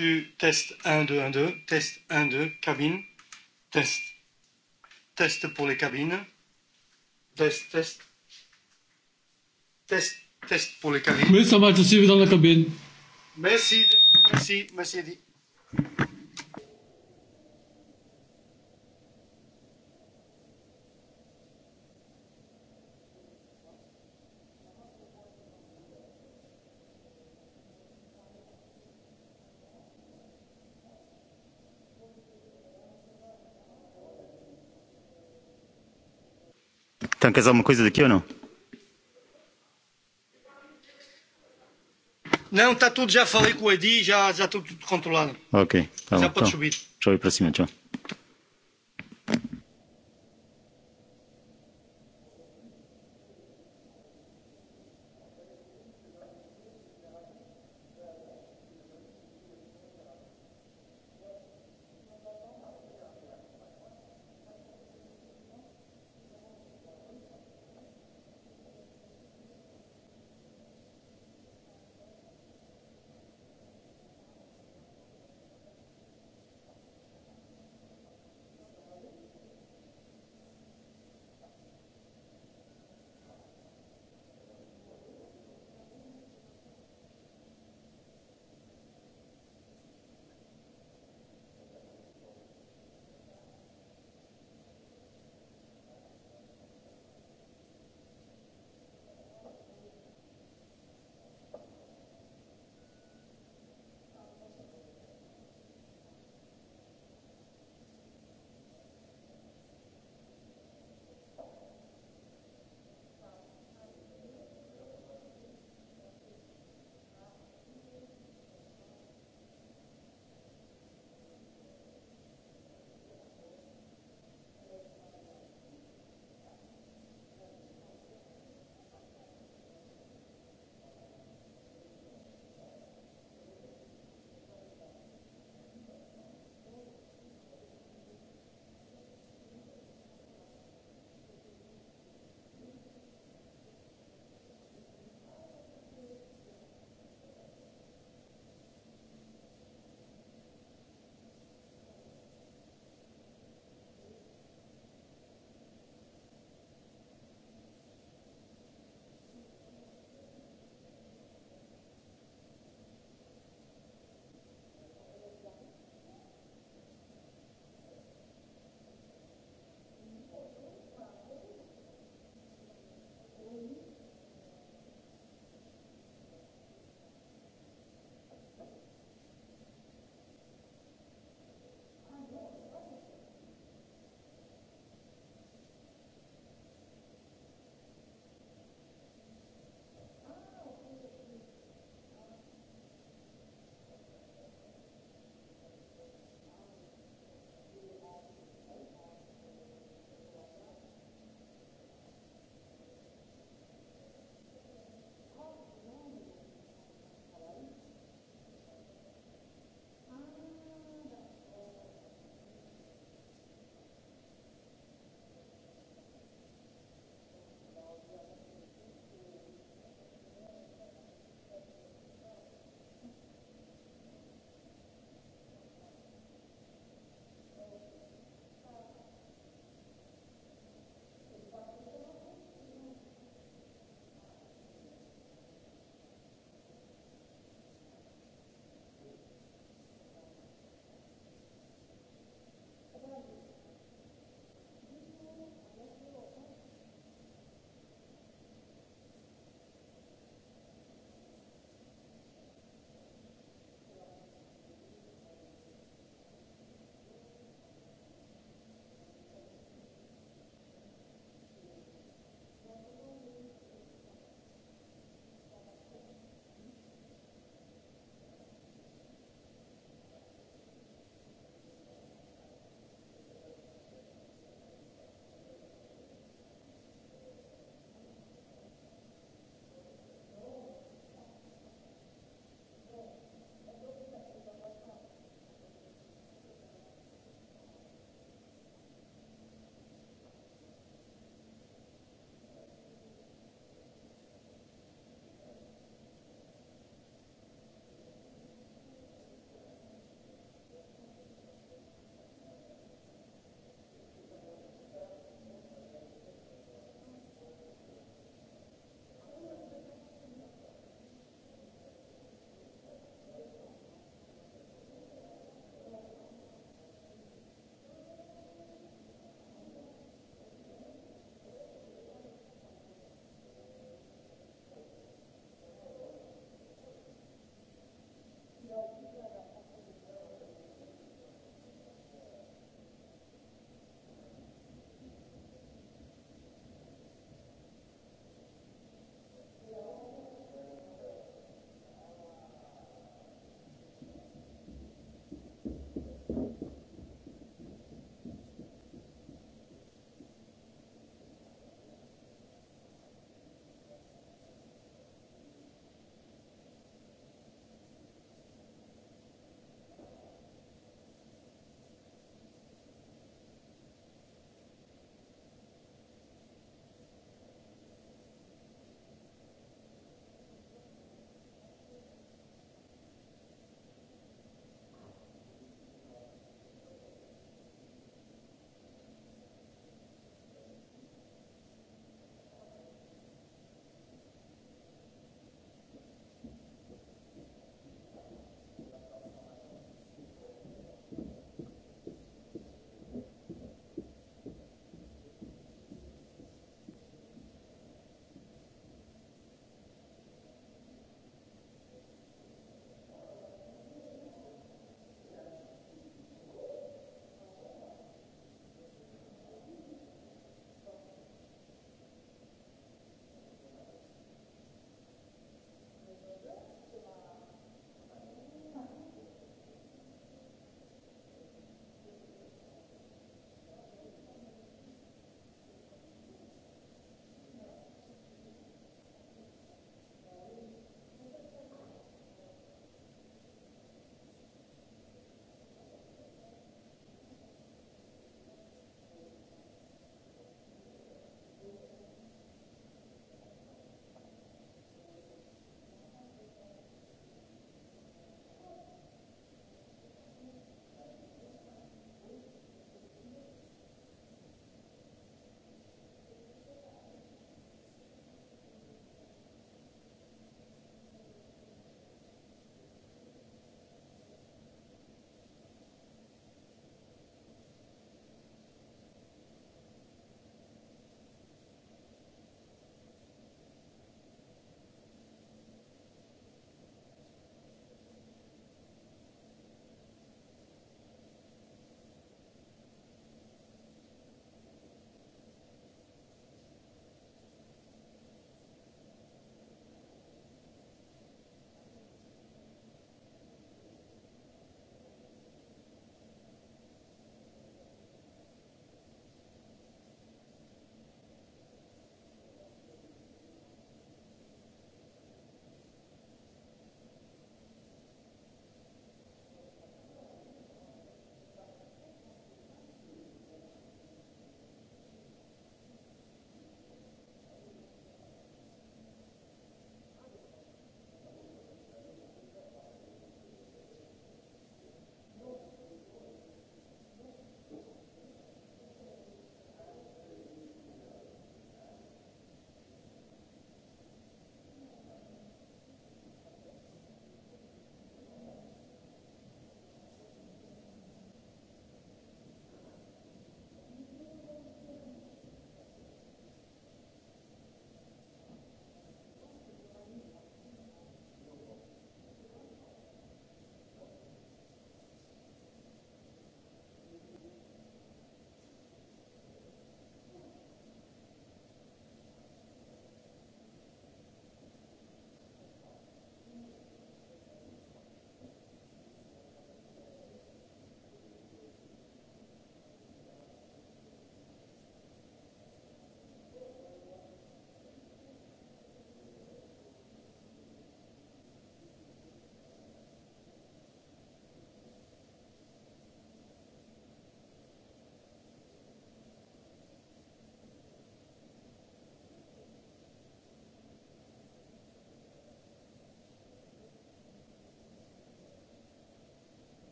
du test 1, 2, 1, 2, test 1, 2, cabine, test. Test pour les cabines. Test, test. Test, test pour les cabines. Mais ça het zien we dan de cabine. Merci, merci, merci. Eddie. Tem quer dizer alguma coisa daqui ou não? Não, está tudo, já falei com o Edi, já está tudo controlado. Ok, tá já bom. pode então, subir. eu ir para cima, tchau.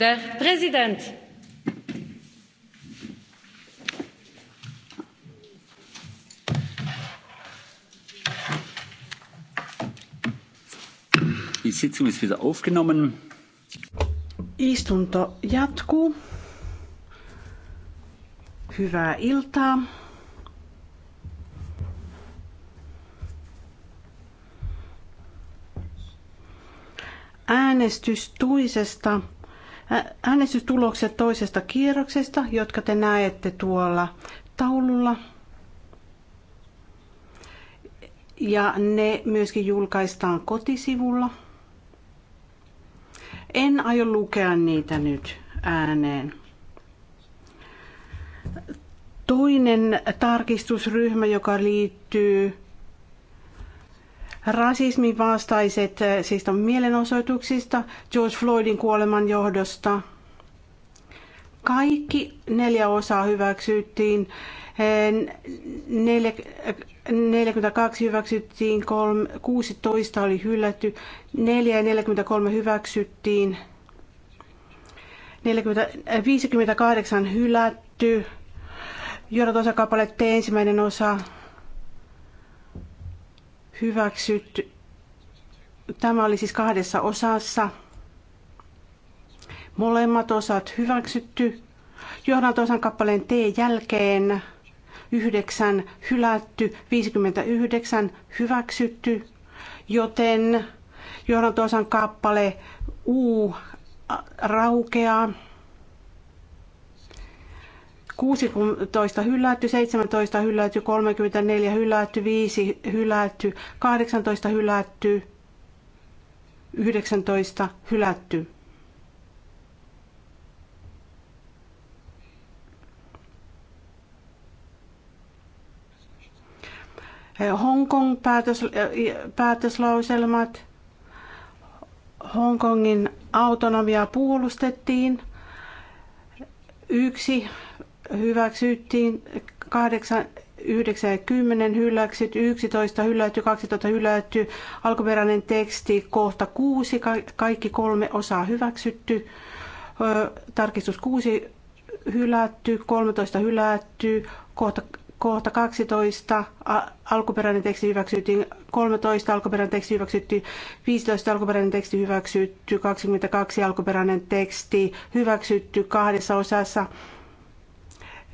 der präsident! Istunto jatkuu. Hyvää iltaa. Äänestys tuisesta Äänestystulokset toisesta kierroksesta, jotka te näette tuolla taululla. Ja ne myöskin julkaistaan kotisivulla. En aio lukea niitä nyt ääneen. Toinen tarkistusryhmä, joka liittyy rasismin vastaiset eh, siis on mielenosoituksista, George Floydin kuoleman johdosta. Kaikki neljä osaa hyväksyttiin. 42 eh, eh, hyväksyttiin, 16 oli hylätty, 4 ja 43 hyväksyttiin, 58 hylätty, johdatusosakappale T ensimmäinen osa hyväksytty. Tämä oli siis kahdessa osassa. Molemmat osat hyväksytty. toisen kappaleen T jälkeen 9 hylätty, 59 hyväksytty, joten johdantosan kappale U raukeaa. 16 hylätty, 17 hylätty, 34 hylätty, 5 hylätty, 18 hylätty, 19 hylätty. Hongkong päätös, päätöslauselmat. Hongkongin autonomia puolustettiin. Yksi hyväksyttiin, 8, 9 ja 10 hylätty 11 hylätty, 12 hylätty, alkuperäinen teksti, kohta 6, kaikki kolme osaa hyväksytty, tarkistus 6 hylätty, 13 hylätty, kohta kohta 12, alkuperäinen teksti hyväksyttiin, 13 alkuperäinen teksti hyväksyttiin, 15 alkuperäinen teksti hyväksytty, 22 alkuperäinen teksti hyväksytty kahdessa osassa,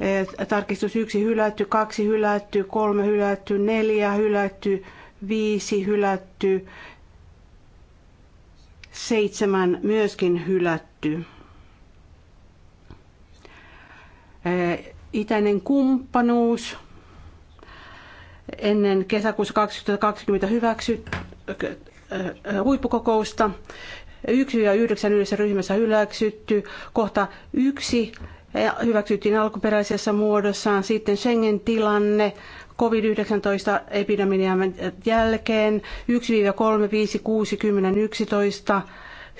Eh, tarkistus yksi hylätty, kaksi hylätty, kolme hylätty, neljä hylätty, viisi hylätty, seitsemän myöskin hylätty. Eh, itäinen kumppanuus ennen kesäkuussa 2020 hyväksytty eh, huippukokousta. Yksi ja yhdeksän yhdessä ryhmässä hyväksytty. Kohta yksi hyväksyttiin alkuperäisessä muodossaan. Sitten Schengen-tilanne COVID-19-epidemian jälkeen 1-3, 5, 6, 10, 11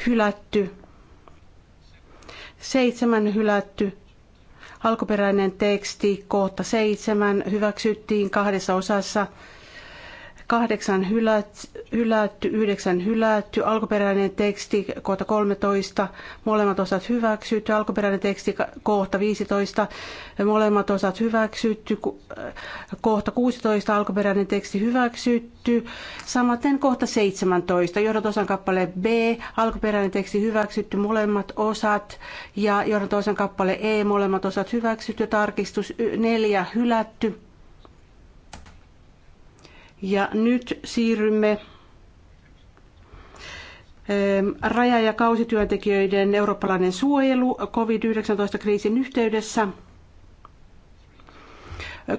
hylätty, seitsemän hylätty, alkuperäinen teksti kohta seitsemän hyväksyttiin kahdessa osassa kahdeksan hylätty, yhdeksän hylätty, alkuperäinen teksti kohta 13, molemmat osat hyväksytty, alkuperäinen teksti kohta 15, molemmat osat hyväksytty, äh, kohta 16, alkuperäinen teksti hyväksytty, samaten kohta 17, johdantosan kappale B, alkuperäinen teksti hyväksytty, molemmat osat ja johdantosan kappale E, molemmat osat hyväksytty, tarkistus 4 hylätty, ja nyt siirrymme ähm, raja- ja kausityöntekijöiden eurooppalainen suojelu COVID-19-kriisin yhteydessä.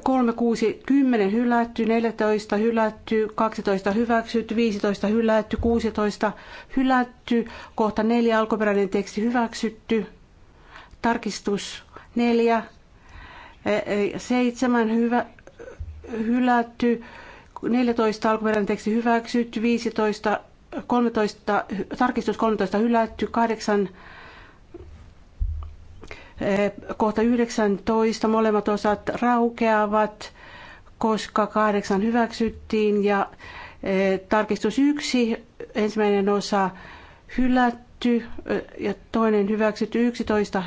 3, 6, 10 hylätty, 14 hylätty, 12 hyväksytty, 15 hylätty, 16 hylätty, kohta 4 alkuperäinen teksti hyväksytty, tarkistus 4, 7 e, e, hyvä, hylätty, 14 alkuperäinen teksti hyväksytty, 15, 13, tarkistus 13 hylätty, 8 eh, kohta 19 molemmat osat raukeavat, koska 8 hyväksyttiin ja eh, tarkistus 1 ensimmäinen osa hylätty eh, ja toinen hyväksytty 11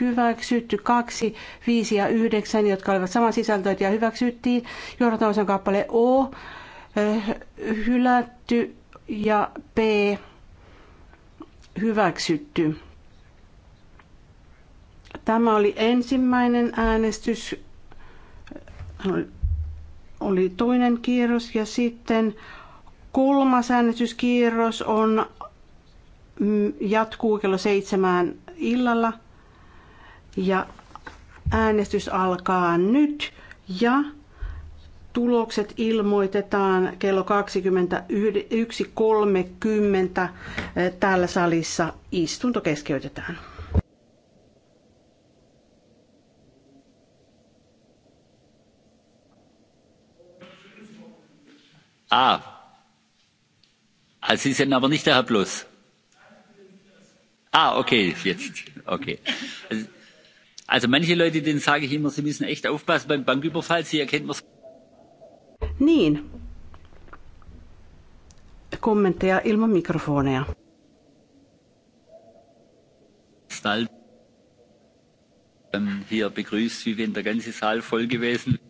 hyväksytty. Kaksi, viisi ja yhdeksän, jotka olivat ja hyväksyttiin. Johdatamisen kappale O eh, hylätty ja P hyväksytty. Tämä oli ensimmäinen äänestys, oli toinen kierros ja sitten kolmas äänestyskierros on, mm, jatkuu kello seitsemään illalla ja äänestys alkaa nyt ja tulokset ilmoitetaan kello 21.30 eh, täällä salissa. Istunto keskeytetään. Ah, Sie sind aber nicht der Herr Plus. Ah, okay, jetzt. Okay. Also, Also manche Leute, denen sage ich immer, sie müssen echt aufpassen beim Banküberfall, sie erkennt man Niin. Kommentteja ilman mikrofoneja. Stall ähm, hier begrüßt, wie wenn der ganze Saal voll gewesen wäre.